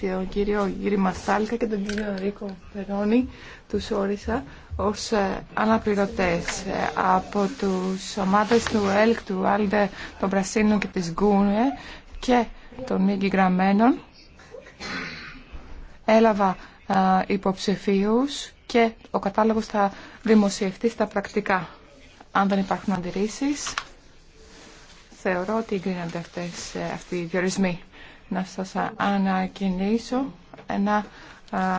τον κύριο Γύρι Μαστάλκα και τον κύριο Ρίκο Περόνι τους όρισα ως ε, αναπληρωτές ε, από τους ομάδες του ΕΛΚ, του ΑΛΔΕ, των Πρασίνων και της ΓΚΟΥΝΕ και των μη Έλαβα ε, υποψηφίους και ο κατάλογος θα δημοσιευτεί στα πρακτικά. Αν δεν υπάρχουν αντιρρήσεις, θεωρώ ότι γίνονται αυτές, αυτοί οι διορισμοί να σας ανακοινήσω ένα